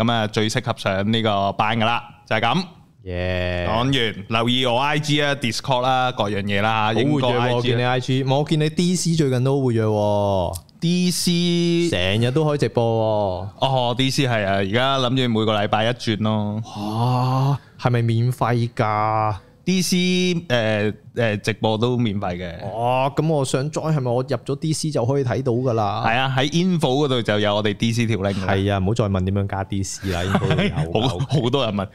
咁啊，最適合上呢個班㗎喇，就係、是、咁。Yeah. 講完，留意我 IG 啊、Discord 啦，各樣嘢啦影活躍，我見你 IG，我見你 DC 最近都好活躍喎 DC、啊哦。DC 成日都開直播喎。哦，DC 係啊，而家諗住每個禮拜一轉咯。嚇，係咪免費㗎？D.C. 誒、呃、誒、呃、直播都免費嘅。哦，咁、嗯、我想 join 係咪我入咗 D.C. 就可以睇到噶啦？係啊，喺 info 嗰度就有我哋 D.C. 條 link。i 係啊，唔好再問點樣加 D.C. 啦，應該有好好多人問誒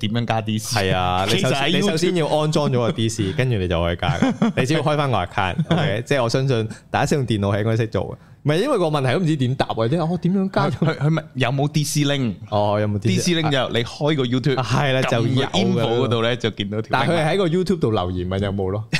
點、呃、樣加 D.C. 係啊，你首先你首先要安裝咗個 D.C.， 跟住你就可以加。你只要開翻個 account，、okay? 即係我相信第一次用電腦係應該識做嘅。唔係因為個問題都唔知點答啊！或者我點樣加入去佢？佢咪有冇 DC link？哦，有冇 DC link 就你開個 YouTube 係啦，就 inbox 嗰度咧就見到條。但係佢喺個 YouTube 度留言問有冇咯，即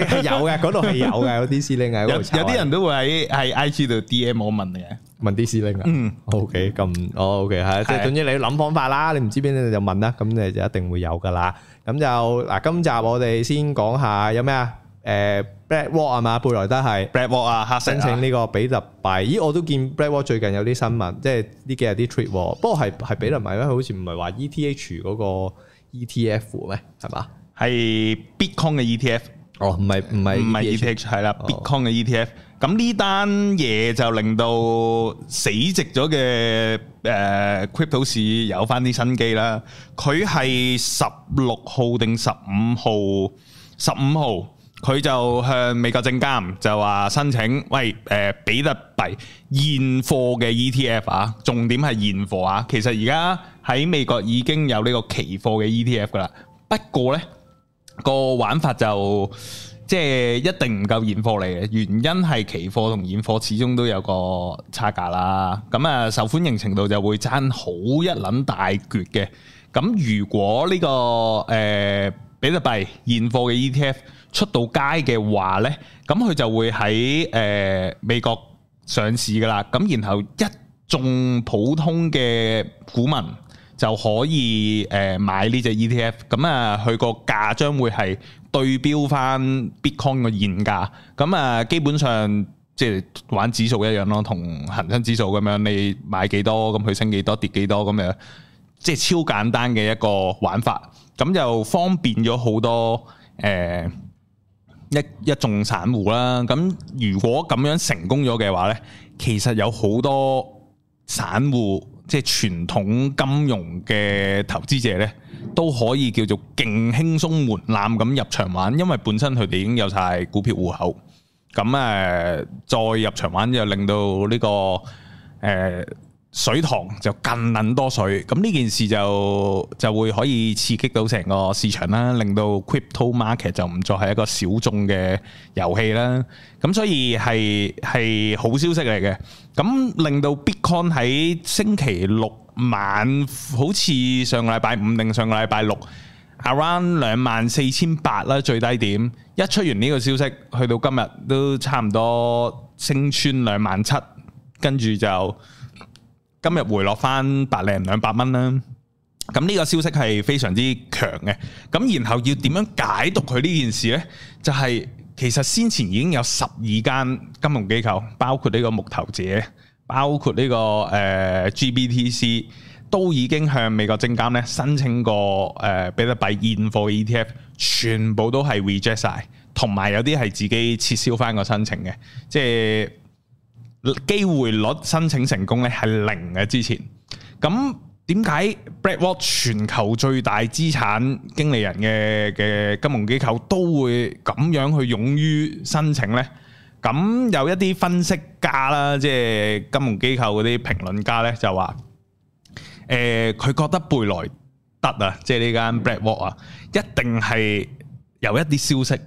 係有嘅，嗰度係有嘅，有 DC link 喺嗰度。有有啲人都會喺喺 IG 度 DM 我問你嘅，問 DC link 啊。嗯，OK，咁，哦，OK，係，即係總之你要諗方法啦。你唔知邊度就問啦，咁你就一定會有噶啦。咁就嗱，今集我哋先講下有咩啊？誒 BlackRock 啊嘛，貝萊德係 BlackRock 啊，申請呢、這個、啊、比特幣。咦，我都見 BlackRock 最近有啲新聞，即係呢幾日啲 trip。不過係係比特幣咧，好似唔係話 ETH 嗰個 ETF 咩？係嘛？係 Bitcoin 嘅 ETF。哦，唔係唔係唔係 ETH，係啦是、哦、Bitcoin 嘅 ETF。咁呢單嘢就令到死寂咗嘅誒、呃、cryptos 市有翻啲新機啦。佢係十六號定十五號？十五號？佢就向美國證監就話申請，喂，誒、呃，比特幣現貨嘅 ETF 啊，重點係現貨啊。其實而家喺美國已經有呢個期貨嘅 ETF 㗎喇，不過呢個玩法就即係一定唔夠現貨嚟嘅，原因係期貨同現貨始終都有個差價啦。咁啊，受歡迎程度就會爭好一撚大截嘅。咁、啊、如果呢、呢個誒、呃比特幣現貨嘅 ETF 出到街嘅話呢，咁佢就會喺誒、呃、美國上市噶啦。咁然後一眾普通嘅股民就可以誒、呃、買呢隻 ETF。咁啊，佢個價將會係對標翻 Bitcoin 嘅現價。咁啊，基本上即係玩指數一樣咯，同恒生指數咁樣，你買幾多，咁佢升幾多跌幾多咁樣，即係超簡單嘅一個玩法。咁就方便咗好多誒一一眾散戶啦。咁如果咁樣成功咗嘅話咧，其實有好多散戶即係傳統金融嘅投資者咧，都可以叫做勁輕鬆門檻咁入場玩，因為本身佢哋已經有曬股票戶口。咁誒再入場玩就令到呢個誒。水塘就更撚多水，咁呢件事就就會可以刺激到成個市場啦，令到 Crypto Market 就唔再係一個小眾嘅遊戲啦。咁所以係係好消息嚟嘅，咁令到 Bitcoin 喺星期六晚，好似上個禮拜五定上個禮拜六，around 兩萬四千八啦最低點，一出完呢個消息，去到今日都差唔多升穿兩萬七，跟住就。今日回落翻百零兩百蚊啦，咁呢個消息係非常之強嘅。咁然後要點樣解讀佢呢件事呢？就係、是、其實先前已經有十二間金融機構，包括呢個木頭姐，包括呢、這個誒、呃、G B T C，都已經向美國證監咧申請過誒、呃、比特幣現貨 E T F，全部都係 reject 晒，同埋有啲係自己撤銷翻個申請嘅，即係。機會率申請成功咧係零嘅之前，咁點解 BlackRock 全球最大資產經理人嘅嘅金融機構都會咁樣去勇於申請咧？咁有一啲分析家啦，即係金融機構嗰啲評論家咧就話，誒，佢覺得貝萊德啊，即係呢間 BlackRock 啊，一定係有一啲消息，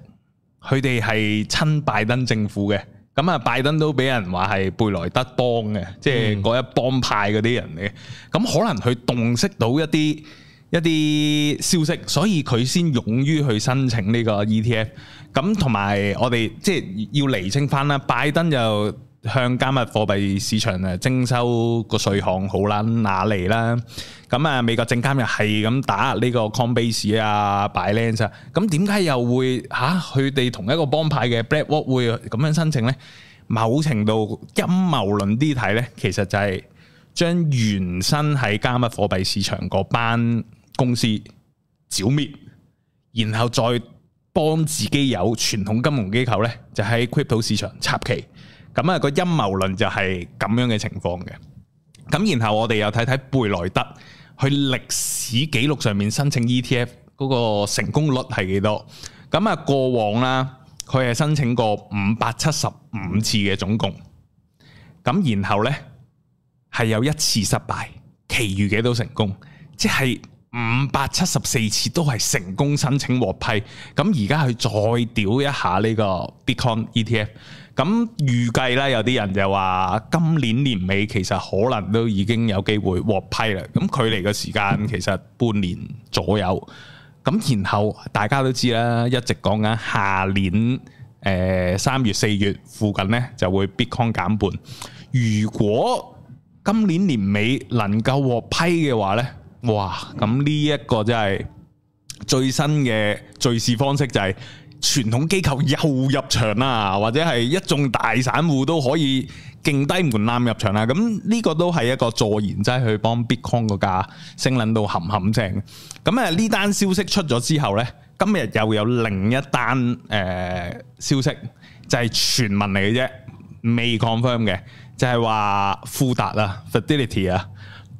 佢哋係親拜登政府嘅。咁啊，拜登都俾人話係貝萊德幫嘅，即係嗰一幫派嗰啲人嘅。咁可能佢洞悉到一啲一啲消息，所以佢先勇於去申請呢個 ETF。咁同埋我哋即係要釐清翻啦，拜登就。向加密貨幣市場啊徵收個稅項好啦，拿利啦，咁啊美國證監又係咁打呢個 Coinbase 啊、Binance 啊，咁點解又會吓，佢、啊、哋同一個幫派嘅 BlackRock 會咁樣申請呢？某程度陰謀論啲睇呢，其實就係將原生喺加密貨幣市場嗰班公司剿滅，然後再幫自己有傳統金融機構呢，就喺 crypto 市場插旗。咁啊，個陰謀論就係咁樣嘅情況嘅。咁然後我哋又睇睇貝萊德佢歷史記錄上面申請 ETF 嗰個成功率係幾多？咁啊，過往啦，佢係申請過五百七十五次嘅總共。咁然後呢，係有一次失敗，其餘嘅都成功，即係五百七十四次都係成功申請獲批。咁而家佢再屌一下呢個 Bitcoin ETF。咁預計咧，有啲人就話今年年尾其實可能都已經有機會獲批啦。咁距離嘅時間其實半年左右。咁然後大家都知啦，一直講緊下年誒三月、呃、四月附近呢就會 Bitcoin 減半。如果今年年尾能夠獲批嘅話呢，哇！咁呢一個真係最新嘅敘事方式就係、是。傳統機構又入場啦、啊，或者係一眾大散戶都可以勁低門檻入場啦、啊。咁呢個都係一個助燃劑，去幫 Bitcoin 個價升撚到冚冚正。咁啊，呢單消息出咗之後呢，今日又有另一單誒、呃、消息，就係、是、傳聞嚟嘅啫，未 confirm 嘅，就係、是、話富達啊、Fidelity 啊，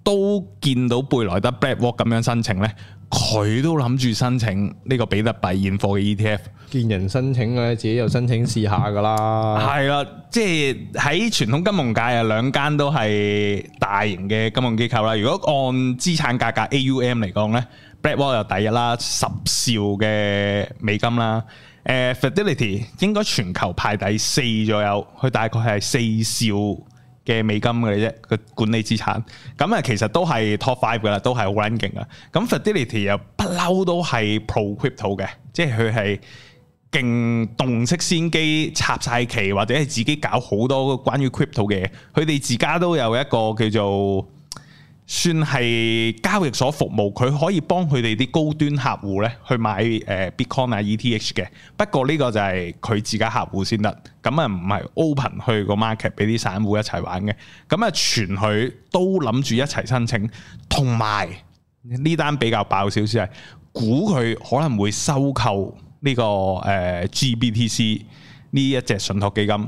都見到貝萊德 BlackRock 咁樣申請呢。佢都諗住申請呢個比特幣現貨嘅 ETF，見人申請嘅自己又申請試下噶啦。係啦，即係喺傳統金融界啊，兩間都係大型嘅金融機構啦。如果按資產價格 AUM 嚟講呢 BlackRock 又第一啦，十兆嘅美金啦。Fidelity 應該全球排第四左右，佢大概係四兆。嘅美金嘅啫，個管理資產，咁啊其實都係 top five 嘅啦，都係好撚勁啊！咁 Fidelity 又不嬲都係 pro crypto 嘅，即係佢係勁洞悉先機，插晒旗或者係自己搞好多關於 crypto 嘅嘢。佢哋自家都有一個叫做。算係交易所服務，佢可以幫佢哋啲高端客戶咧去買誒 Bitcoin 啊、ETH 嘅。不過呢個就係佢自家客戶先得，咁啊唔係 Open 去個 market 俾啲散戶一齊玩嘅。咁啊全佢都諗住一齊申請，同埋呢單比較爆笑先係，估佢可能會收購呢、呢個誒、呃、GBTC 呢一隻信託基金。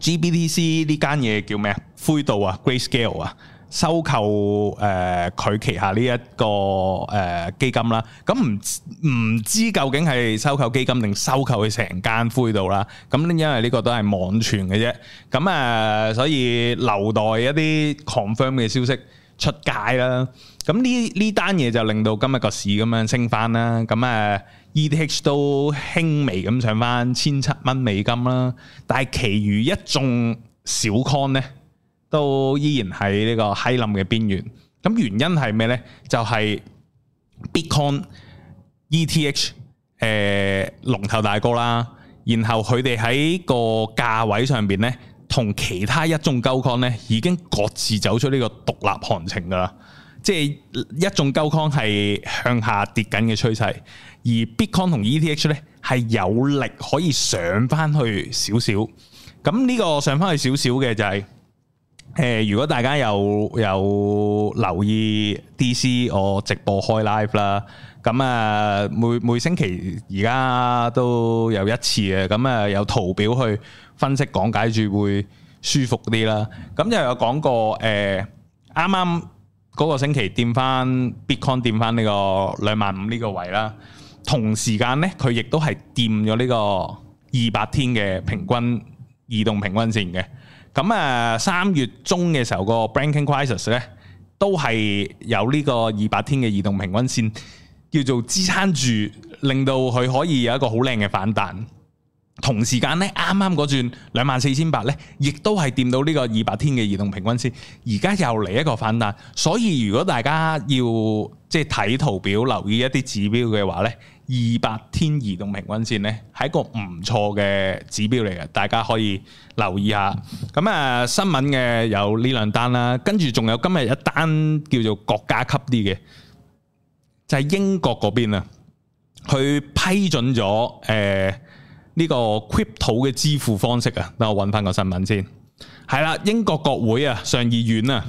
GBTC 呢間嘢叫咩啊？灰度啊，Grayscale 啊。收購誒佢旗下呢一個誒基金啦，咁唔唔知究竟係收購基金定收購佢成間灰度啦，咁因為呢個都係網傳嘅啫，咁啊所以留待一啲 confirm 嘅消息出街啦。咁呢呢單嘢就令到今日個市咁樣升返啦。咁啊 ETH 都輕微咁上返千七蚊美金啦，但係其餘一眾小 coin 呢，都依然喺呢個閪冧嘅邊緣，咁原因係咩呢？就係、是、Bitcoin、e 呃、ETH 誒龍頭大哥啦，然後佢哋喺個價位上邊呢，同其他一眾鳩 coin 呢已經各自走出呢個獨立行情噶啦，即係一眾鳩 coin 係向下跌緊嘅趨勢，而 Bitcoin 同 ETH 呢係有力可以上翻去少少，咁呢個上翻去少少嘅就係、是。誒、呃，如果大家有有留意 D.C. 我直播開 live 啦，咁啊，每每星期而家都有一次啊。咁啊，有圖表去分析講解住會舒服啲啦。咁又有講過，誒、呃，啱啱嗰個星期掂翻 Bitcoin 掂翻呢個兩萬五呢個位啦，同時間呢，佢亦都係掂咗呢個二百天嘅平均移動平均線嘅。咁啊，三月中嘅時候個 banking crisis 咧，都係有呢個二百天嘅移動平均線，叫做支撐住，令到佢可以有一個好靚嘅反彈。同時間呢，啱啱嗰轉兩萬四千八呢，亦都係掂到呢個二百天嘅移動平均線。而家又嚟一個反彈，所以如果大家要即係睇圖表、留意一啲指標嘅話呢。二百天移動平均線咧，係一個唔錯嘅指標嚟嘅，大家可以留意下。咁啊，新聞嘅有呢兩單啦，跟住仲有今日一單叫做國家級啲嘅，就係英國嗰邊啊，佢批准咗誒呢個 Crypto 嘅支付方式啊，等我揾翻個新聞先。係啦，英國國會啊，上議院啊。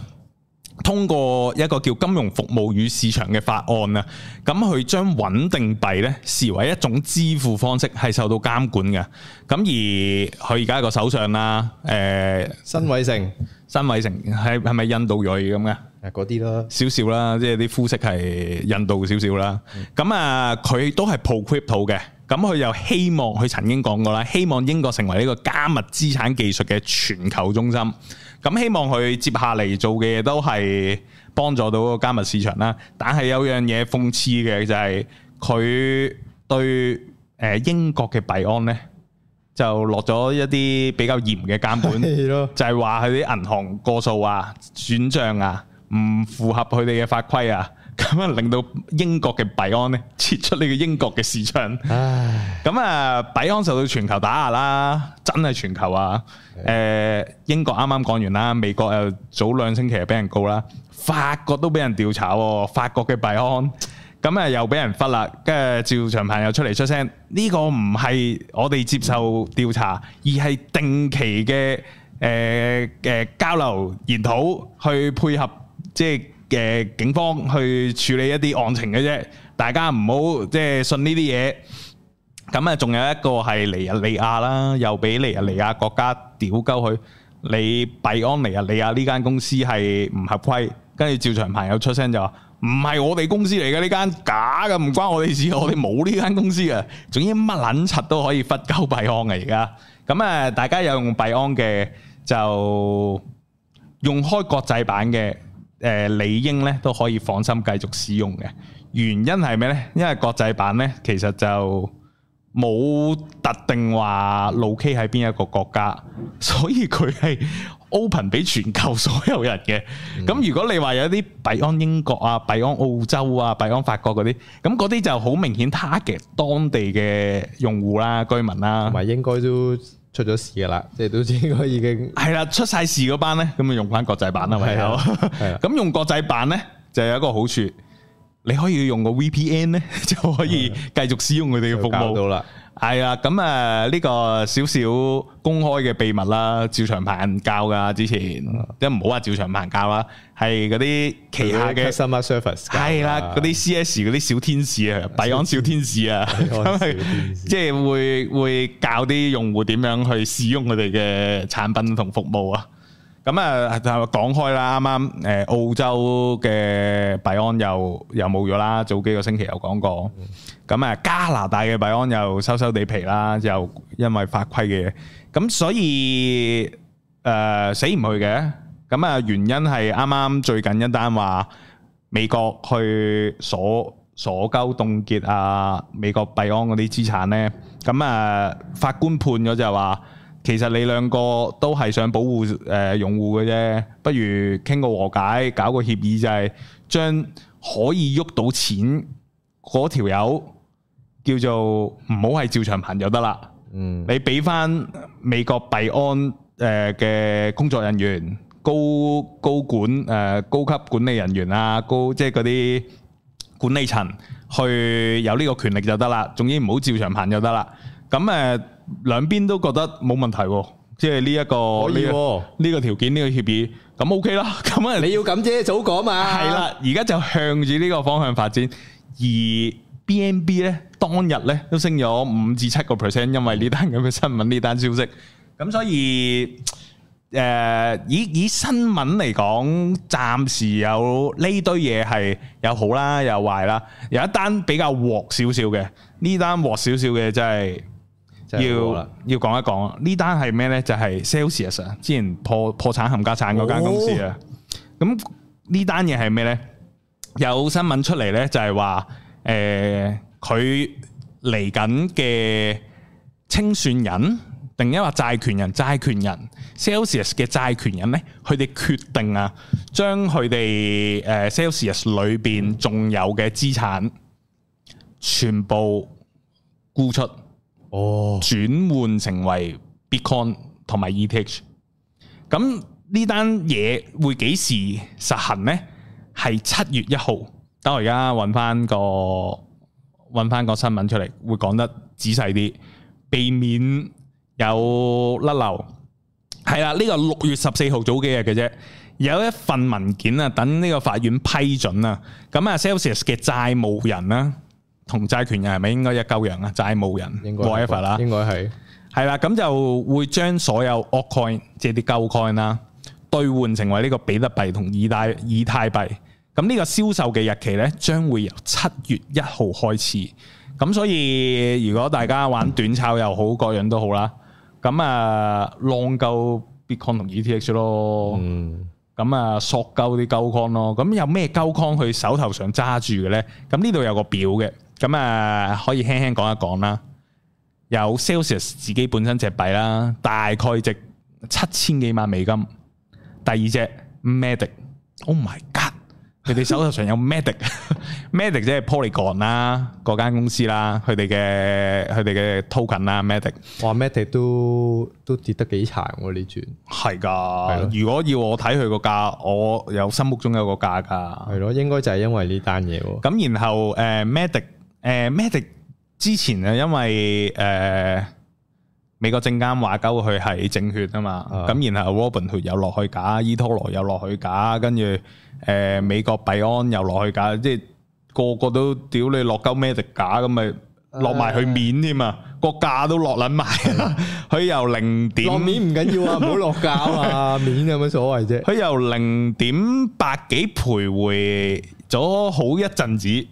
通過一個叫《金融服務與市場》嘅法案啊，咁佢將穩定幣呢視為一種支付方式，係受到監管嘅。咁而佢而家個首相啦，誒，辛偉誠，辛偉誠係係咪印度裔咁嘅？誒，嗰啲咯，少少啦，即係啲膚色係印度少少啦。咁啊，佢都係 pro crypto 嘅。咁佢又希望，佢曾經講過啦，希望英國成為呢個加密資產技術嘅全球中心。咁希望佢接下嚟做嘅嘢都係幫助到個加密市場啦。但係有樣嘢諷刺嘅就係，佢對誒英國嘅幣安呢，就落咗一啲比較嚴嘅監管，的就係話佢啲銀行過數啊、轉賬啊，唔符合佢哋嘅法規啊。咁樣，令到英國嘅幣安咧，撤出呢個英國嘅市場。咁啊，幣安受到全球打壓啦，真係全球啊！誒，英國啱啱講完啦，美國又早兩星期又俾人告啦，法國都俾人調查喎，法國嘅幣安咁啊，又俾人罰啦。跟住，趙長鵬又出嚟出聲，呢個唔係我哋接受調查，而係定期嘅誒誒交流研討，去配合即係。嘅警方去處理一啲案情嘅啫，大家唔好即係信呢啲嘢。咁啊，仲有一個係尼日利亞啦，又俾尼日利亞國家屌鳩佢。你幣安尼日利亞呢間公司係唔合規，跟住趙長鵬有出聲就話唔係我哋公司嚟嘅，呢間假嘅，唔關我哋事，我哋冇呢間公司嘅。總之乜撚柒都可以罰鳩幣安嚟㗎。咁啊，大家有用幣安嘅就用開國際版嘅。誒、呃、理應咧都可以放心繼續使用嘅，原因係咩呢？因為國際版咧其實就冇特定話路 K 喺邊一個國家，所以佢係 open 俾全球所有人嘅。咁、嗯、如果你話有啲幣安英國啊、幣安澳洲啊、幣安法國嗰啲，咁嗰啲就好明顯 target 當地嘅用戶啦、居民啦，咪應該都出咗事噶啦，即係都應該已經係啦，出晒事嗰班咧，咁咪用翻國際版啦，係啊，咁 用國際版咧就有一個好處，你可以用個 VPN 咧就可以繼續使用佢哋嘅服務到啦。係啊，咁啊呢個少少公開嘅秘密啦，趙長鵬教噶之前，即唔好話趙長鵬教啦，係嗰啲旗下嘅 service，係啦，嗰啲 C S 嗰啲小天使啊，幣安小天使啊，即係 會會教啲用戶點樣去使用佢哋嘅產品同服務啊。咁啊，就講開啦，啱啱誒澳洲嘅幣安又又冇咗啦，早幾個星期又講過。嗯咁啊，加拿大嘅幣安又收收地皮啦，又因為法規嘅嘢，咁所以誒、呃、死唔去嘅。咁啊，原因係啱啱最近一單話美國去鎖鎖鳩凍結啊美國幣安嗰啲資產呢。咁啊、呃，法官判咗就話，其實你兩個都係想保護誒、呃、用戶嘅啫，不如傾個和解，搞個協議就係、是、將可以喐到錢嗰條友。叫做唔好係照常行就得啦。嗯，你俾翻美國幣安誒嘅工作人員高高管誒高級管理人員啊，高即係嗰啲管理層去有呢個權力就得啦。總之唔好照常行就得啦。咁誒兩邊都覺得冇問題喎，即係呢一個呢、啊、個呢條件呢、呢個協議咁 OK 啦。咁你要咁啫，早講嘛。係啦，而家就向住呢個方向發展而。BNB 咧，當日咧都升咗五至七個 percent，因為呢單咁嘅新聞，呢、嗯、單消息，咁所以，誒、呃，以以新聞嚟講，暫時有呢堆嘢係有好啦，有壞啦，有一單比較鑊少少嘅，呢單鑊少少嘅，真係要要講一講。呢單係咩咧？就係 Celsius 啊，之前破破產冚家鏟嗰間公司啊。咁、哦、呢單嘢係咩咧？有新聞出嚟咧，就係話。誒佢嚟緊嘅清算人，定抑或債權人，債權人 Celsius 嘅債權人咧，佢哋決定啊，將佢哋誒 Celsius 裏邊仲有嘅資產全部沽出，哦，轉換成為 Bitcoin 同埋 ETH。咁呢單嘢會幾時實行咧？係七月一號。等我而家揾翻個揾翻個新聞出嚟，會講得仔細啲，避免有甩漏。係啦，呢個六月十四號早幾日嘅啫。有一份文件啊，等呢個法院批准啊。咁啊 Celsius 嘅債務人啦，同債權人係咪應該一救人啊？債務人，應該 e v 啦，whatever 應該係，係啦。咁就會將所有 altcoin 即係啲舊 coin 啦，兌換成為呢個比特幣同以太以太幣。咁呢個銷售嘅日期咧，將會由七月一號開始。咁所以如果大家玩短炒又好，個、嗯、樣都好啦。咁啊，l o n g 夠 Bitcoin 同 ETH 咯。咁、嗯、啊，索夠啲高康咯。咁有咩高康去手頭上揸住嘅咧？咁呢度有個表嘅，咁啊可以輕輕講一講啦。有 Celsius 自己本身隻幣啦，大概值七千幾萬美金。第二隻 MATIC，Oh my god！佢哋手頭上有 MATIC，MATIC 即係 Polygon 啦，嗰間公司啦，佢哋嘅佢哋嘅 Token 啦，MATIC。哇，MATIC 都都跌得幾殘喎，呢轉。係噶，如果要我睇佢個價，我有心目中有個價噶。係咯，應該就係因為呢單嘢。咁然後誒，MATIC，誒，MATIC 之前咧，因為誒。美國證監話鳩佢係證券啊嘛，咁然後 Robinhood 又落去假，伊託羅又落去假，跟住誒美國幣安又落去假，即係個個都屌你落鳩咩都假，咁咪落埋去面添啊，個價都落撚埋，佢由零點落面唔緊要啊，唔好落價啊嘛，面有乜所謂啫？佢由零點八幾徘徊咗好一陣子。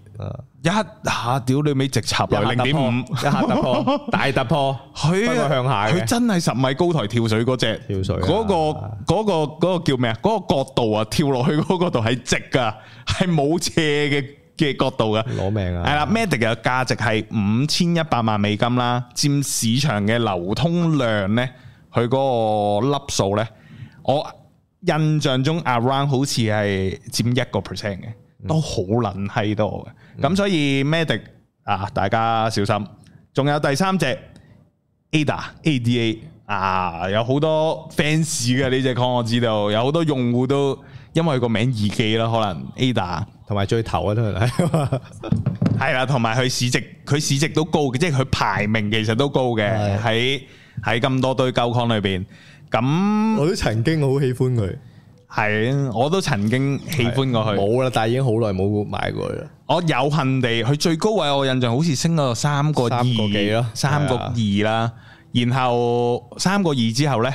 一下，屌你尾直插嚟零點五， 一下突破，大突破，佢 啊，佢真係十米高台跳水嗰隻，跳水嗰、啊嗰個嗰、嗰個嗰、嗰個叫咩啊？嗰、嗰個角度啊，跳落去嗰個度係直噶，係冇斜嘅嘅角度噶。攞命啊！係啦，Medic 嘅價值係五千一百萬美金啦，佔市場嘅流通量咧，佢嗰個粒數咧，我印象中 Around 好似係佔一個 percent 嘅，嗯、都好撚喺多嘅。咁所以 Matic 啊，大家小心。仲有第三隻 Ada Ada 啊，有好多 fans 嘅呢隻礦我知道，有好多用戶都因為佢個名易記啦，可能 Ada 同埋最頭都 啊都係，係啦，同埋佢市值佢市值都高嘅，即係佢排名其實都高嘅，喺喺咁多堆舊礦裏邊。咁我都曾經好喜歡佢。係，我都曾經喜歡過佢。冇啦，但係已經好耐冇買過佢。我有幸地，佢最高位我印象好似升咗三個二幾咯，三個二啦。然後三個二之後咧，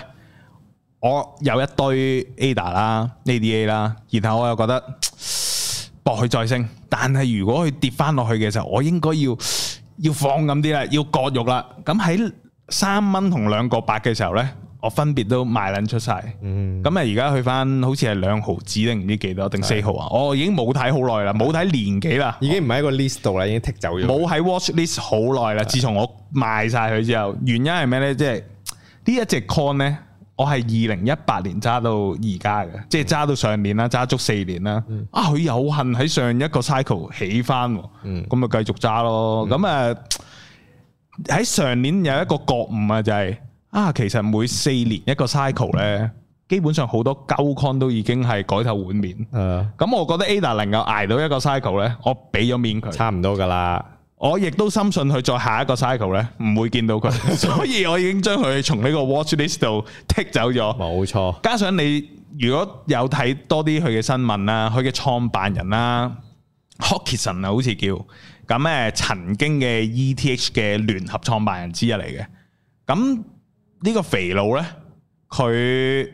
我有一堆 ADA 啦，ADA 啦。然後我又覺得博佢再升，但係如果佢跌翻落去嘅時候，我應該要要放咁啲啦，要割肉啦。咁喺三蚊同兩個八嘅時候咧。我分別都賣撚出曬，咁啊而家去翻好似係兩毫紙定唔知幾多定四毫啊？我已經冇睇好耐啦，冇睇年幾啦，已經唔喺個 list 度啦，已經剔走咗。冇喺 watch list 好耐啦，自從我賣曬佢之後，原因係咩呢？即係呢一隻 coin 呢，我係二零一八年揸到而家嘅，即係揸到上年啦，揸足四年啦。啊，佢有幸喺上一個 cycle 起翻，咁咪繼續揸咯。咁啊喺上年有一個覺悟啊，就係。啊，其實每四年一個 cycle 咧，基本上好多高抗都已經係改頭換面。咁的、嗯，我覺得 Ada 能夠捱到一個 cycle 呢，我俾咗面佢。差唔多噶啦，我亦都深信佢再下一個 cycle 呢，唔會見到佢， 所以我已經將佢從呢個 watch list 度剔走咗。冇錯，加上你如果有睇多啲佢嘅新聞啦，佢嘅創辦人啦 Hoskinson 啊，好似叫咁誒，曾經嘅 ETH 嘅聯合創辦人之一嚟嘅，咁。呢個肥佬呢，佢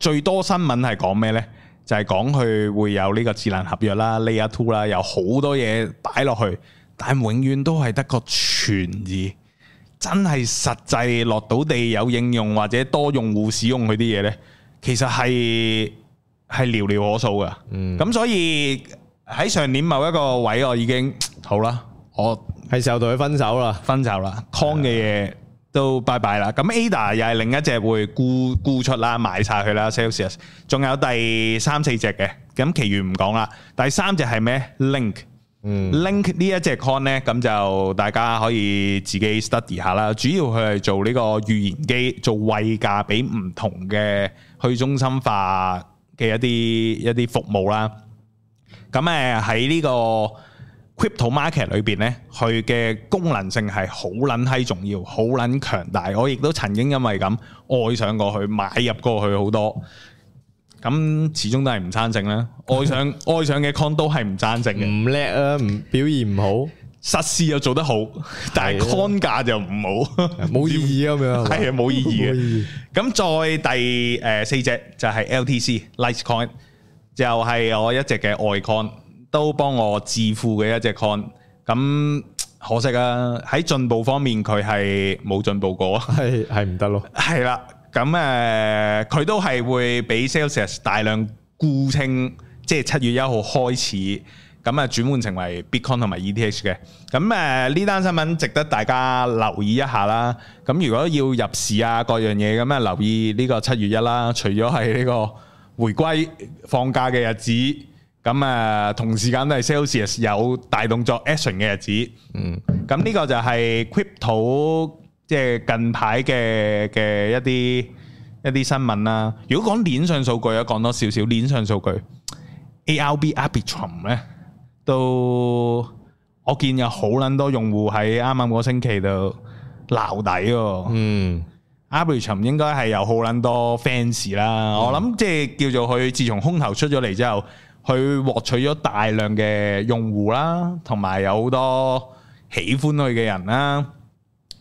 最多新聞係講咩呢？就係講佢會有呢個智能合約啦、Layer Two 啦，有好多嘢擺落去，但永遠都係得個全字，真係實際落到地有應用或者多用戶使用佢啲嘢呢，其實係係寥寥可數噶。嗯，咁所以喺上年某一個位，我已經好啦，我係時候同佢分手啦，分手啦，Con 嘅嘢。嗯都 bye bye 啦，咁 Ada 又係另一隻會沽沽出啦，買曬佢啦，Celsius，仲有第三四隻嘅，咁其餘唔講啦。第三隻係咩？Link，Link 呢一隻 con 咧，咁就大家可以自己 study 下啦。主要佢係做呢個預言機，做位價俾唔同嘅去中心化嘅一啲一啲服務啦。咁誒喺呢個。Crypto market 裏邊咧，佢嘅功能性係好撚閪重要，好撚強大。我亦都曾經因為咁愛上過去買入過去好多，咁始終都係唔生性啦。愛上愛上嘅 coin 都係唔生性嘅，唔叻啊，唔表現唔好，實施又做得好，但係 coin 價就唔好，冇意義咁樣，係啊，冇意義嘅。咁再第誒四隻就係 LTC Litecoin，就係我一隻嘅外 coin。都幫我致富嘅一隻 coin，咁可惜啊！喺進步方面佢係冇進步過，係係唔得咯。係啦，咁誒佢都係會俾 Celsius 大量沽清，即係七月一號開始，咁啊轉換成為 Bitcoin 同埋 ETH 嘅。咁誒呢單新聞值得大家留意一下啦。咁如果要入市啊各樣嘢咁啊留意呢個七月一啦。除咗係呢個回歸放假嘅日子。咁啊，同時間都係 Celsius 有大動作 action 嘅日子。嗯，咁呢個就係 Crypto，即係近排嘅嘅一啲一啲新聞啦。如果講鏈上數據咧，講多少少鏈上數據，A R B Arbitrum 咧，都我見有好撚多用戶喺啱啱個星期度撈底喎。嗯，Arbitrum 應該係有好撚多 fans 啦。我諗即係叫做佢，自從空頭出咗嚟之後。佢獲取咗大量嘅用戶啦，同埋有好多喜歡佢嘅人啦。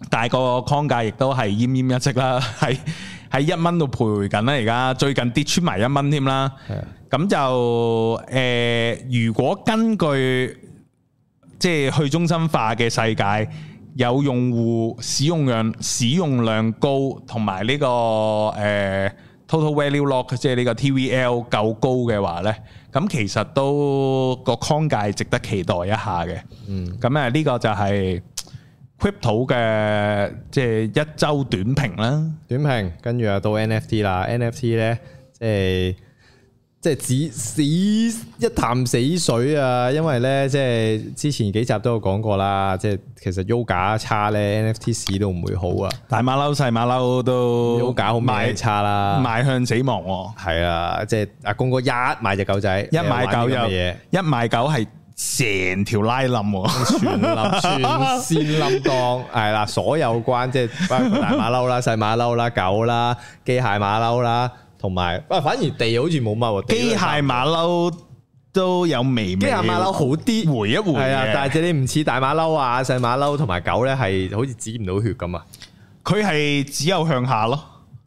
但係個框架亦都係奄奄一息啦，喺喺一蚊度徘徊緊啦。而家最近跌穿埋一蚊添啦。咁的就誒、呃，如果根據即係去中心化嘅世界，有用戶使用量使用量高，同埋呢個誒、呃、Total Value Lock，即係呢個 TVL 夠高嘅話咧。咁其實都、個框架值得期待一下嘅。咁啊、嗯，呢個就係 Crypto 嘅即係一周短評啦。短評，跟住啊到 NFT 啦。NFT 咧，即係。即係指死一潭死水啊！因為呢，即、就、係、是、之前幾集都有講過啦。即、就、係、是、其實 Yuga 差呢，NFT 市都唔會好啊。大馬騮細馬騮都 Yuga 好賣差啦，邁向死亡喎。係啊，即係、嗯啊就是、阿公哥一買隻狗仔，對一買狗嘢，一買狗係成條拉冧、啊，全冧，全先冧光。係啦，所有關即係、就是、包括大馬騮啦、細馬騮啦、狗啦、機械馬騮啦。同埋，喂，反而地好似冇乜喎。機械馬騮都有微、微，機械馬騮好啲回一回，係啊。但係即係唔似大馬騮啊，細馬騮同埋狗咧，係好似止唔到血咁啊。佢係只有向下咯。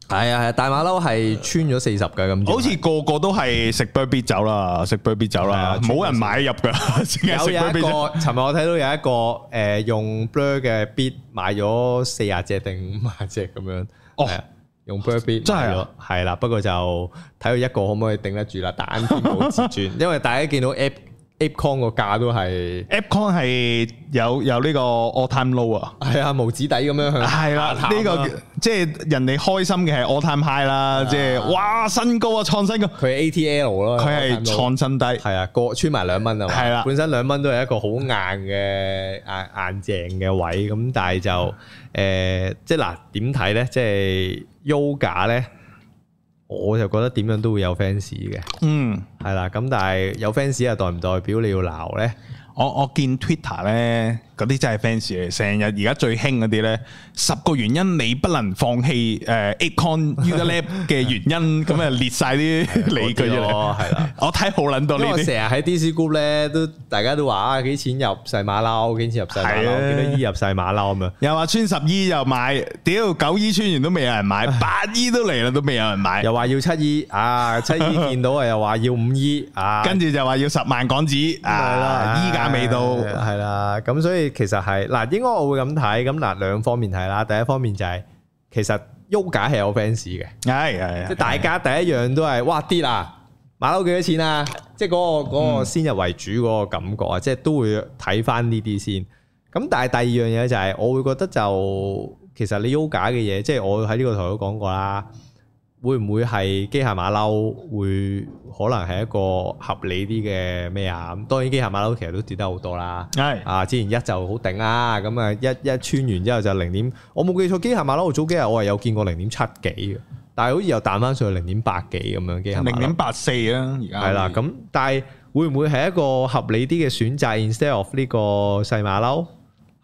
係啊係、啊，大馬騮係穿咗四十嘅咁，好似個個都係食 bid 走啦，食 bid 走啦，冇、啊、人買入噶。有、有一個，尋日我睇到有一個誒、呃、用 blur 嘅 bid 買咗四十隻定五十隻咁樣。嗯 用 birdbit 真係咯，係啦，不過就睇佢一個可唔可以頂得住啦。單邊冇自尊，因為大家見到 Ape Ape Coin 個價都係 Ape Coin 係有有呢個 all time low，啊，係啊，無止底咁樣去。係啦，呢個即係人哋開心嘅係 all time high 啦，即係哇新高啊，創新高，佢 ATL 咯，佢係創新低。係啊，個穿埋兩蚊啊，係啦，本身兩蚊都係一個好硬嘅硬硬淨嘅位，咁但係就誒即係嗱點睇咧？即係瑜伽咧，Yoga，我就覺得點樣都會有 fans 嘅，嗯，係啦，咁但係有 fans 啊，代唔代表你要鬧咧？我我見 Twitter 咧。嗰啲真係 fans 嚟，成日而家最興嗰啲咧，十個原因你不能放棄誒，icon、YouTube 嘅原因咁啊列曬啲理據嚟，係啦，我睇好撚多呢啲。我成日喺 DC Group 咧都，大家都話啊，幾錢入細馬騮，幾錢入細馬騮，幾多衣入細馬騮啊？又話穿十衣又買，屌九衣穿完都未有人買，八衣都嚟啦都未有人買，又話要七衣啊，七衣見到啊又話要五衣啊，跟住就話要十萬港紙，係啦，衣價未到，係啦，咁所以。其實係嗱，應該我會咁睇，咁嗱兩方面睇啦。第一方面就係、是、其實 U 假係有 fans 嘅，係係即係大家第一樣都係哇跌啦，馬騮幾多錢啊？即係、那、嗰個、那個先入為主嗰個感覺啊，嗯、即係都會睇翻呢啲先。咁但係第二樣嘢就係、是、我會覺得就其實你 U 假嘅嘢，即係我喺呢個台都講過啦。會唔會係機械馬騮會可能係一個合理啲嘅咩啊？咁當然機械馬騮其實都跌得好多啦。係是啊，之前一就好頂啊，咁啊一一穿完之後就零點，我冇記錯機械馬騮早幾日我係有見過零點七幾嘅，但係好似又彈翻上去零點八幾咁樣機械。零點八四、啊、啦，而家係啦。咁但係會唔會係一個合理啲嘅選擇？Instead of 呢個細馬騮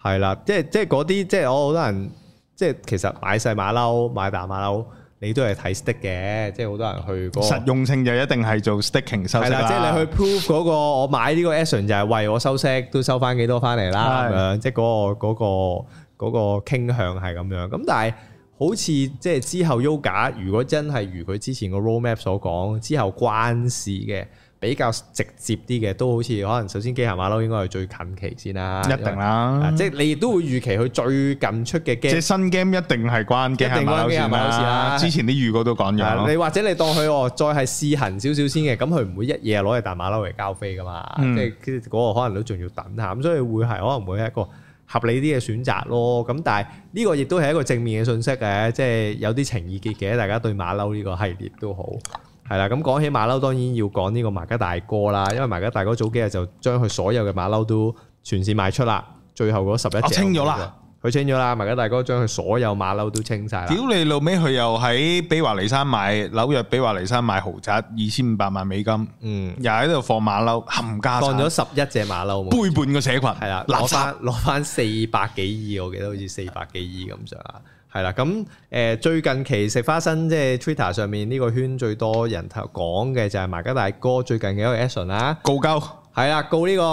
係啦，即係即係嗰啲即係我好多人即係其實買細馬騮買大馬騮。你都係睇 stake 嘅，即係好多人去嗰、那個、實用性就一定係做 staking 收息啦。即係你去 prove 嗰、那個，我買呢個 action 就係為我收息，都收翻幾多翻嚟啦是的 即係嗰、那個嗰、那個那個傾向係咁樣。咁但係好似即係之後 Yuga，如果真係如佢之前個 roadmap 所講，之後關事嘅。比較直接啲嘅，都好似可能首先機械馬騮應該係最近期先啦、啊，一定啦，為啊、即係你亦都會預期佢最近出嘅 game，即係新 game 一定係關機械馬騮事啦。之前啲預告都講咗、啊，你或者你當佢再係試行少少先嘅，咁佢唔會一夜攞嚟大馬騮嚟交飛噶嘛。嗯、即係嗰個可能都仲要等下，咁所以會係可能會係一個合理啲嘅選擇咯。咁但係呢個亦都係一個正面嘅信息嘅，即係有啲情意結嘅，大家對馬騮呢個系列都好。係啦，咁講起馬騮，當然要講呢個麻吉大哥啦。因為麻吉大哥早幾日就將佢所有嘅馬騮都全數賣出啦。最後嗰十一隻，清咗啦，佢清咗啦。麻吉大哥將佢所有馬騮都清晒啦。屌你老尾，佢又喺比華利山買紐約比華利山買豪宅二千五百萬美金，嗯，又喺度放馬騮冚家放咗十一隻馬騮，背叛個社群，係啦的，攞翻攞翻四百幾億，我記得好似四百幾億咁上下。 係啦，咁誒最近期食花生即係 Twitter 上面呢個圈最多人頭講嘅就係麻吉大哥最近嘅一個 action 啦夠，告鳩，係啦，告呢個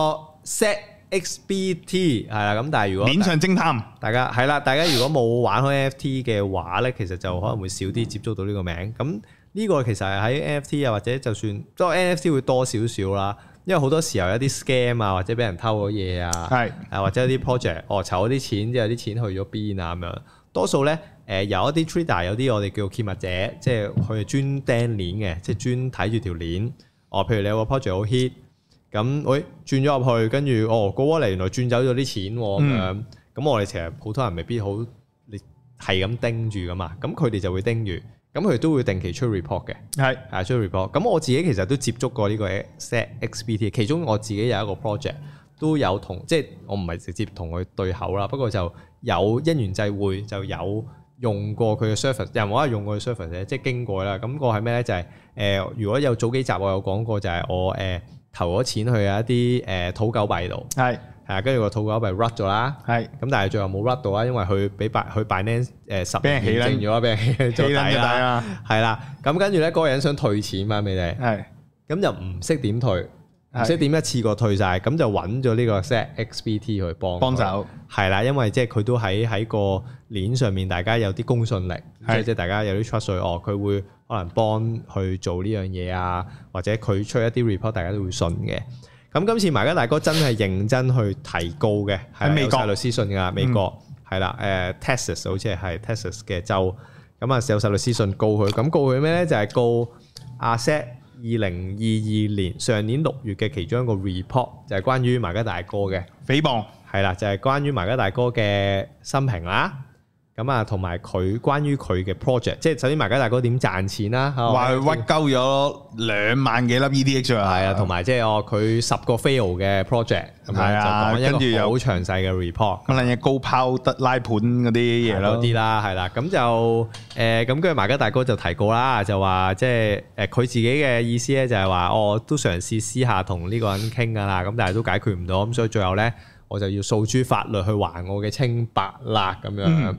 ZachXBT 係啦。咁但係如果鏈上偵探，大家係啦，大家如果冇玩開 NFT 嘅話咧，其實就可能會少啲接觸到呢個名。咁呢個其實係喺 NFT 啊，或者就算即係 NFT 會多少少啦，因為好多時候有啲 scam 啊，或者俾人偷咗嘢啊，係的或者有啲 project 哦籌咗啲錢之後，啲錢去咗邊啊咁樣。多數咧，誒、呃、有一啲 trader 有啲我哋叫做揭密者，即係佢專盯鏈嘅，即係專睇住條鏈。哦，譬如你有個 project 好 hit，咁喂轉咗入去，跟住哦個 wallet 原來轉走咗啲錢咁。咁、嗯嗯、我哋成日普通人未必好，你係咁盯住噶嘛？咁佢哋就會盯住，咁佢都會定期出 report 嘅，係係是出 report。咁我自己其實都接觸過呢個 ZachXBT 其中我自己有一個 project 都有同，即係我唔係直接同佢對口啦，不過就。有因緣際會就有用過佢嘅 service 又冇話用過 service 嘅，即係經過啦。咁個係咩咧？就係、是、誒、呃，如果有早幾集我有講過就，就係我誒投咗錢去一啲誒、呃、土狗幣度，係係跟住個土狗幣 rupt 咗啦，係咁是，但係最後冇 rupt 到啦，因為佢俾百佢 Binance 十俾人起剩咗，俾人起底啦，係啦，咁跟住咧，嗰個人想退錢嘛，咪你係咁就唔識點退。即係點一次過退曬，咁就揾咗呢個 ZachXBT 去幫幫手，係啦，因為即係佢都喺喺個鏈上面，大家有啲公信力，即係即係大家有啲 trust 我，佢會可能幫佢去做呢樣嘢啊，或者佢出一啲 report，大家都會信嘅。咁今次麻吉大哥真係認真去提告嘅，喺美國律師信㗎，美國係啦，誒 Texas 好似係 Texas 嘅州，咁啊有曬律師信告佢，咁告佢咩咧？就係告 Zach。二零二二年上年六月嘅其中一個 report 就係關於麻吉大哥嘅，誹謗，係啦，就係關於麻吉大哥嘅生平啦。咁啊，同埋佢關於佢嘅 project，即係首先麻吉大哥點賺錢啦？話佢屈鳩咗兩萬幾粒 E D H 啊！係啊，同埋即係我佢十個 fail 嘅 project，係啊，跟住有好詳細嘅 report，可能嘢高拋得拉盤嗰啲嘢咯，啲啦、啊，係啦，咁就誒，咁跟住麻吉大哥就提過啦，就話即係誒佢自己嘅意思咧，就係話我都嘗試私下同呢個人傾噶啦，咁但係都解決唔到，咁所以最後咧我就要訴諸法律去還我嘅清白啦，咁樣。嗯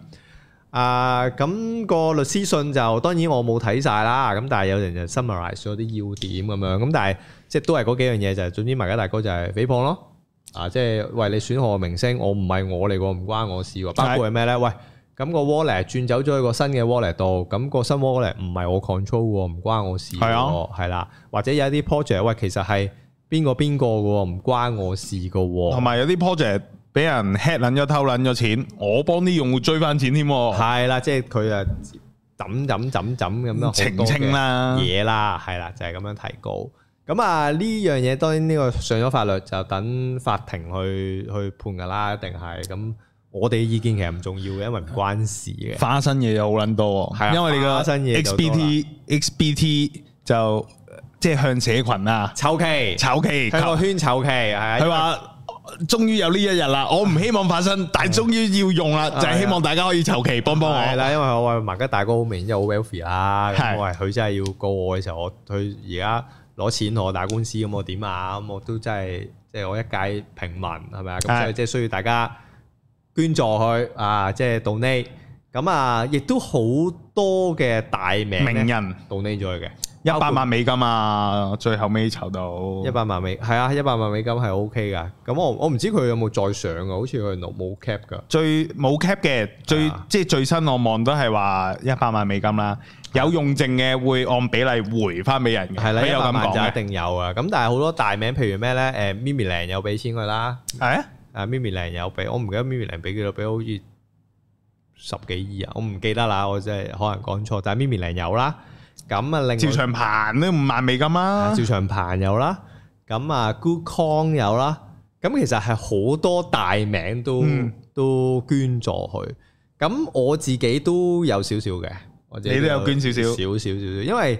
啊，咁個律師信就當然我冇睇晒啦，咁但係有人就 summarize 咗啲要點咁樣，咁但係即係都係嗰幾樣嘢就係總之，麻吉大哥就係誹謗咯，啊，即係喂，你損害我名聲，我唔係我嚟個，唔關我事喎。包括係咩咧？是喂，咁個 wallet 轉走咗去個新嘅 wallet 度，咁個新 wallet 唔係我 control 喎，唔關我事喎。係啊，係啦，或者有一啲 project 喂，其實係邊個邊個嘅喎，唔關我事嘅喎。同埋有啲 project。俾人 hack 撚咗偷撚咗錢，我幫啲用戶追翻錢添。係啦，即係佢啊，怎怎怎怎咁樣澄清啦嘢啦，係啦，就係咁樣提告。咁啊呢樣嘢當然呢個上咗法律就等法庭去去判噶啦，一定係咁。我哋嘅意見其實唔重要嘅，因為唔關事嘅。花生嘢又好撚多，因為你個 XBT XBT 就即係向社群啊，籌旗籌旗，喺個圈籌旗，係佢話。終於有呢一日啦，我唔希望發生，但係終於要用啦，嗯、就希望大家可以求其幫幫我。係啦，因為我阿麻吉大哥好明顯，又好 wealthy 啦，我係佢真係要告我嘅時候，我佢而家攞錢同我打官司咁，我點啊？咁我都真係，即係我一介平民係咪啊？咁所以即係需要大家捐助佢啊，即係 donate。咁啊，亦都好多嘅大名名人 donate 咗佢嘅。一百萬美金啊！最後尾籌到一百萬美，係啊，一百萬美金係 OK 噶。咁我我唔知佢有冇再上噶，好似佢冇 cap 噶，最冇 cap 嘅，最即係最新我望都係話一百萬美金啦。有用剩嘅會按比例回翻俾人嘅，係啦、啊，一百萬就一定有啊。咁但係好多大名，譬如咩咧？誒，Mimi Ling 有俾錢佢啦，係啊，啊 Mimi Ling 有俾，我唔記得 Mimi Ling 俾幾多，多，俾好似十幾億啊，我唔記得啦，我真係可能講錯，但係 Mimi Ling 有啦。咁啊，令趙長鵬都五萬美金咁啦，趙長鵬有啦，咁啊 Good 康有啦，咁其實係好多大名都、嗯、都捐助佢。咁我自己都有少少嘅，你都有捐少少少少少少，因為誒、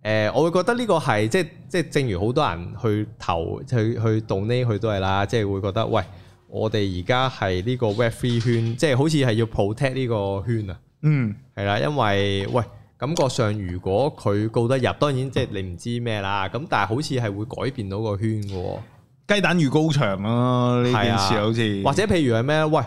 呃，我會覺得呢個係即即係正如好多人去投去去 donate 佢都係啦，即、就、係、是、會覺得喂，我哋而家係呢個 Web Three 圈，即、就、係、是、好似係要 protect 呢個圈啊。嗯，係啦，因為喂。感覺上如果佢告得入，當然即係你唔知咩啦。咁但係好似係會改變到個圈嘅喎，雞蛋與高牆啊！呢、啊、件事好似或者譬如係咩？喂，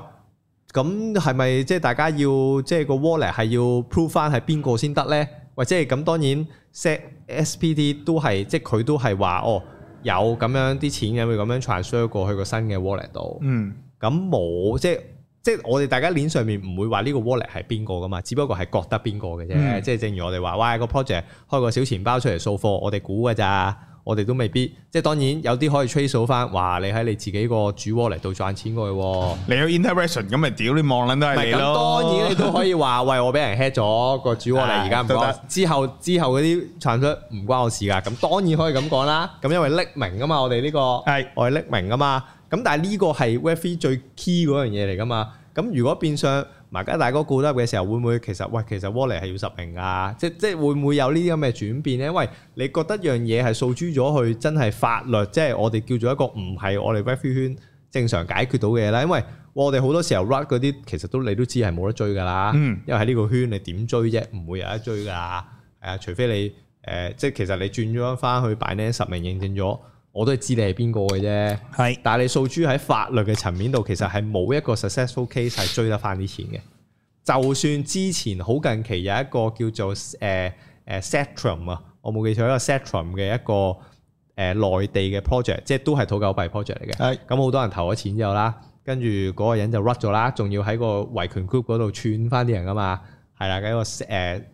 咁係咪即係大家要即係、就是、個 wallet 係要 prove 翻係邊個先得咧？或者係咁，當然 set SPD 都係即係佢都係話哦，有咁樣啲錢嘅會咁樣 transfer 過去個新嘅 wallet 度。嗯，咁冇即係。就是即係我哋大家鏈上面唔會話呢個 wallet 係邊個噶嘛，只不過係覺得邊個嘅啫。嗯、即係正如我哋話，哇個 project 開個小錢包出嚟掃貨，我哋估嘅咋，我哋都未必。即係當然有啲可以 trace 翻，話你喺你自己個主 wallet 度賺錢嘅。你有 interaction 咁咪屌你望撚都係咪？當然你都可以話，喂我俾人 hit 咗個主 wallet，而家唔得，之後之後嗰啲產出唔關我事㗎。咁當然可以咁講啦。咁因為匿名啊嘛，我哋呢、呢個係我係匿名啊嘛。咁但係呢個係 Web3 最 key 嗰樣嘢嚟噶嘛？咁如果變相麻吉大哥告得嘅時候，會唔會其實喂，其實 Wallet 係要實名噶？即即會唔會有呢啲咁嘅轉變咧？因為你覺得樣嘢係訴諸咗去真係法律，即係我哋叫做一個唔係我哋 Web3 圈正常解決到嘅嘢啦。因為我哋好多時候 Rug 嗰啲，其實都你都知係冇得追噶啦。嗯。因為喺呢個圈你點追啫？唔會有得追噶。係啊，除非你誒，即係其實你轉咗一翻去擺呢實名認證咗。我都係知你係邊個嘅啫，係是。但係你訴諸喺法律嘅層面度，其實係冇一個 successful case 係追得翻啲錢嘅。就算之前好近期有一個叫做誒誒 satrum 啊，rum，我冇記錯，有一個 satrum 嘅一個誒內、呃、地嘅 project，即係都係土狗幣 project 嚟嘅。咁好是、嗯、多人投咗錢之後啦，跟住嗰個人就 rut 咗啦，仲要喺個維權 group 嗰度串翻啲人噶嘛，係啦，一個誒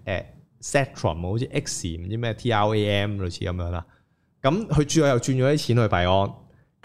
誒 satrum 好似 X 唔知咩 TRAM 類似咁樣啦。咁佢最後又轉咗啲錢去幣安，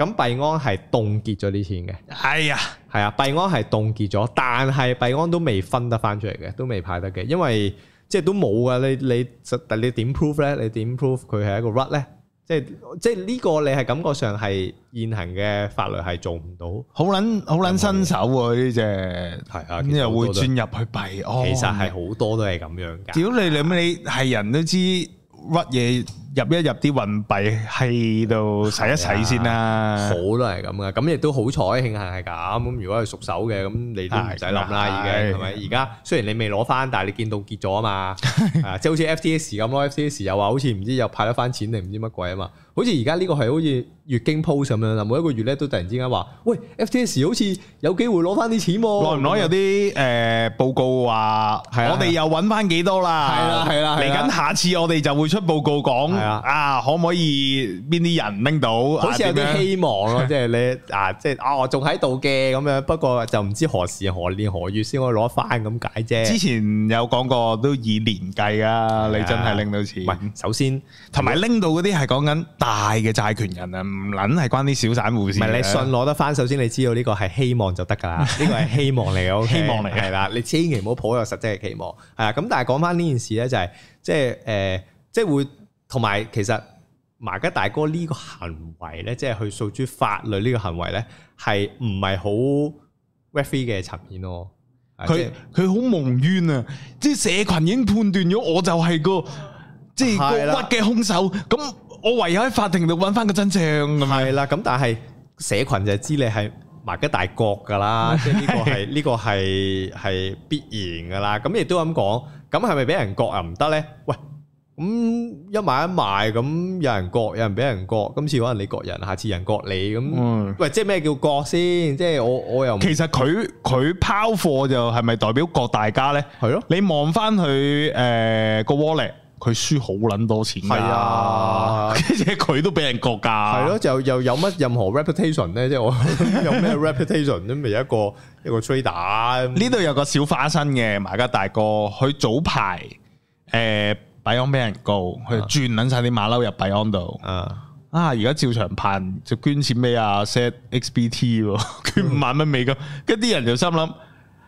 咁幣安係凍結咗啲錢嘅。係啊，係啊，幣安係凍結咗，但係幣安都未分得返出嚟嘅，都未派得嘅，因為即係都冇噶。你你實但你點 prove 咧？你點 prove 佢係一個 rut 咧？即係即係呢個你係感覺上係現行嘅法律係做唔到。好撚好撚新手啊呢隻，係啊，又會轉入去幣安。其實係好多都係咁樣㗎。屌，你你你係人都知 rut 嘢。入一入啲運幣喺度洗一洗先啦，好、啊、都係咁噶，咁亦都好彩，慶幸係咁。如果係熟手嘅，咁你都唔使諗啦，已經係咪？而家是、啊、雖然你未攞翻，但係你見到結咗啊嘛，是啊即係、啊、好似 FTS 咁咯 ，FTS 又話好似唔知又派得翻錢定唔知乜鬼啊嘛。好似而家呢個係好似月經 post 咁樣啦，每一個月咧都突然之間話，喂，FTS 好似有機會攞翻啲錢，攞唔攞有啲誒報告話，我哋又揾翻幾多啦？係啦係啦，嚟緊下次我哋就會出報告講，啊，可唔可以邊啲人拎到？好似有啲希望咯，即係你啊，即係哦，仲喺度嘅咁樣，不過就唔知何時何年何月先可以攞翻咁解啫。之前有講過都以年計啊，你真係拎到錢。唔係，首先同埋拎到嗰啲係講緊。大嘅債權人啊，唔撚係關啲小散戶事。唔係你信攞得翻，首先你知道呢個係希望就得噶啦，呢個係希望嚟嘅。Okay? 希望嚟，係啦，你千祈唔好抱有實質嘅期望。係啊，咁但係講翻呢件事咧，就係即係誒，即係會同埋其實麻吉大哥呢個行為咧，即係去訴諸法律呢個行為咧，係唔係好 refi 嘅層面咯？佢佢好蒙冤啊！即係社群已經判斷咗，我就係個，就係，個即係過骨嘅兇手咁。的我唯有喺法庭度揾翻個真相，咁係啦，咁但係社群就知你係麻吉大割噶啦，即係呢個係呢個係係必然噶啦。咁亦都咁講，咁係咪俾人割又唔得咧？喂，咁一買一賣，咁有人割，有人俾人割，今次可能你割人，下次人割你，咁喂，即係咩叫割先？即係我我又唔其實佢佢拋貨就係咪代表割大家咧？係咯，你望翻佢誒個 wallet。佢輸好捻多錢噶，啊、而且佢都俾人告噶。係咯、啊，又又有乜任何 reputation 咧？即係我有咩 reputation 都未一個一個 trader。呢度有個小花生嘅麻吉大哥，佢早排誒幣安俾人告，佢轉捻晒啲馬騮入幣安度。啊啊！而家、啊啊、照常判就捐錢俾阿 ZachXBT，捐五萬蚊美金，跟啲、嗯、人就心諗。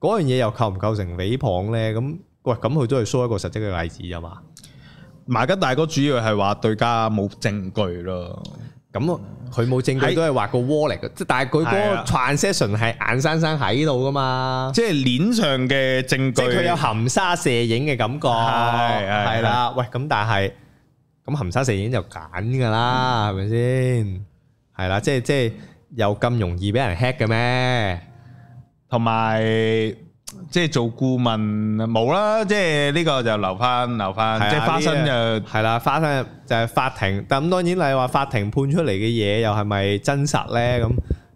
嗰樣嘢又構唔構成誹謗咧？咁喂，咁佢都係 show 一個實質嘅例子啫嘛。麻吉大哥主要係話對家冇證據咯。咁佢冇證據都係畫個窩嚟嘅，即係但係佢嗰個 transaction 係硬生生喺度噶嘛。即係鏈上嘅證據，即係佢有含沙射影嘅感覺。係係啦。喂，咁但係咁含沙射影就揀㗎啦，係咪先？係啦，即係即係又咁容易俾人 hit 嘅咩？同埋即係做顧問冇啦，即係呢個就留翻留翻，即係、啊、花生就係啦、啊，花生就係法庭。但咁當然，你話法庭判出嚟嘅嘢，又係咪真實咧？咁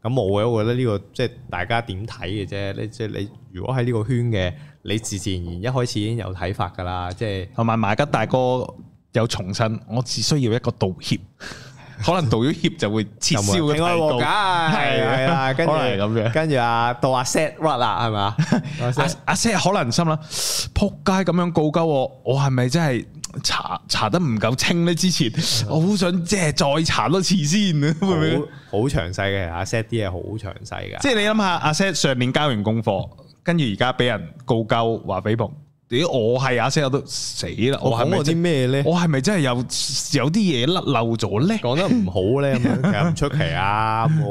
咁冇嘅，我覺得呢、這個即係、就是、大家點睇嘅啫。你即係、就是、你如果喺呢個圈嘅，你自自然然一開始已經有睇法噶啦。即係同埋麻吉大哥有重申，我只需要一個道歉。可能道咗歉就會撤銷嘅報係係啊，跟住咁樣，跟住著啊，到阿 Zach 乜啦，係咪？阿阿 Zach 可能心諗，撲街咁樣告鳩我，我係咪真係查查得唔夠清咧？之前我好想即係再查多次先，會唔會好詳細嘅？阿 Zach 啲嘢好詳細噶，即係你諗下，阿 Zach 上年交完功課，跟住而家俾人告鳩，話誹謗。如果我係阿 Sir 都死啦，我講我啲咩咧？我係咪真係有有啲嘢甩漏咗咧？講得唔好咧，咁樣，其實唔出奇啊，好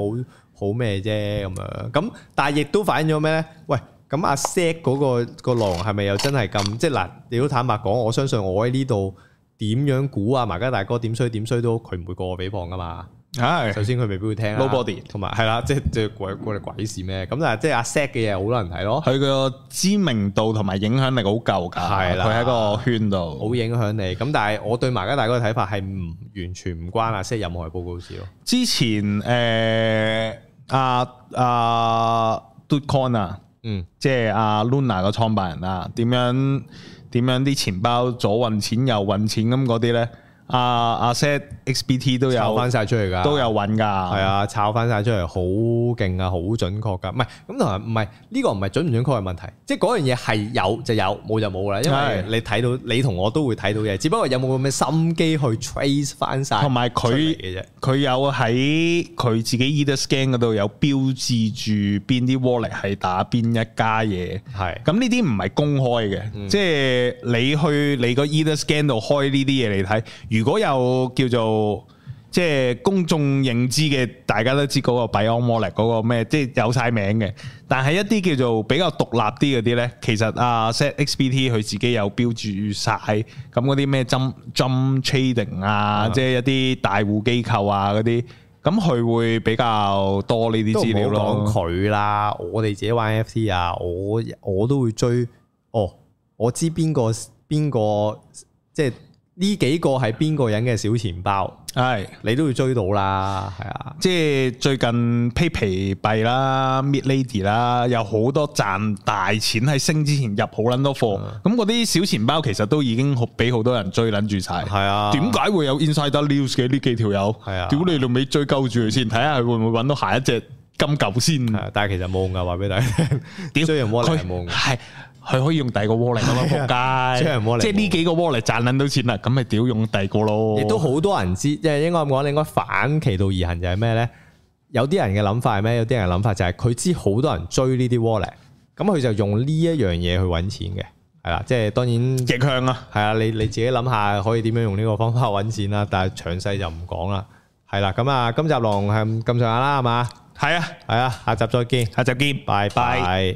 好咩啫咁樣。咁但係亦都反映咗咩咧？喂，咁阿 Sir 嗰個個狼係咪又真係咁？即係嗱，你都坦白講，我相信我喺呢度點樣估啊？麻吉大哥點衰點衰都，佢唔會過我俾磅噶嘛。係，首先佢未必會聽 nobody，同埋係啦，了即係即係鬼，我哋鬼事咩？咁啊，即係阿 set 嘅嘢好難睇咯。佢個知名度同埋影響力好夠噶，係啦的，佢喺個圈度好影響你。咁但係我對麻吉大哥嘅睇法係唔完全唔關阿 set 任何報告事咯。之前誒阿阿 Doocon d 啊，啊 Corner，嗯，即係阿、啊、Luna 個創辦人啊，點樣點樣啲錢包左運錢右運錢咁嗰啲咧？阿阿 set。啊 XBT 都有翻晒出嚟噶，都有搵噶，係、嗯、啊，炒翻晒出嚟，好勁啊，好準確噶，唔係咁同唔係呢個唔係準唔準確嘅問題，即係嗰樣嘢係有就有，冇就冇啦，因為你睇到的你同我都會睇到嘅，只不過有冇咁嘅心機去 trace 翻晒的，同埋佢佢有喺佢自己 Etherscan 度有標誌住邊啲 wallet 係打邊一家嘢，係咁呢啲唔係公開嘅，即係、嗯、你去你個 Etherscan 度開呢啲嘢嚟睇，如果有叫做即係、哦就是、公眾認知嘅，大家都知嗰個 BlackRock 嗰個咩，即、就、係、是、有晒名嘅。但係一啲叫做比較獨立啲嗰啲咧，其實啊 Zach XBT 佢自己有標註晒，咁嗰啲咩 Jump Trading 啊，即係、嗯、一啲大戶機構啊嗰啲，咁佢會比較多呢啲資料咯。佢啦，啊、我哋自己玩 FT 啊，我我都會追。哦，我知邊個邊個即係。呢幾個係邊個人嘅小錢包？係是你都要追到啦，係啊！即係最近 PEPE 幣啦、Milady 啦，有好多賺大錢喺升之前入好撚多貨，咁嗰啲小錢包其實都已經好俾好多人追撚住曬。係啊，點解會有 Inside News 嘅呢幾條友？係啊，屌你哋未追夠住先，睇下會唔會揾到下一隻金狗先？啊、但係其實冇用噶，話俾大家聽。屌、就是，雖然我係夢，佢可以用第二個 wallet 咁嘛？撲街的，蛋即係呢幾個 wallet 賺捻到錢啦，咁咪屌用第二個咯。亦都好多人知，即係應該講，你應該反其道而行，就係咩咧？有啲人嘅諗法係咩？有啲人諗法就係佢知好多人追呢啲 wallet，咁佢就用呢一樣嘢去搵錢嘅，係啦。即係當然逆向啊，係啊，你你自己諗下可以點樣用呢個方法搵錢啦。但係詳細就唔講啦。係啦，咁啊，今集龍係咁上下啦，係嘛的？係啊，係啊，下集再見，下集見，拜拜。